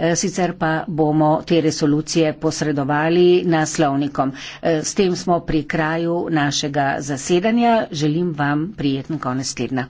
Eh, sicer pa bomo te resolucije posredovali naslovnikom. Eh, s tem smo pri kraju našega zasedanja. Želim vam prijeten konec tedna.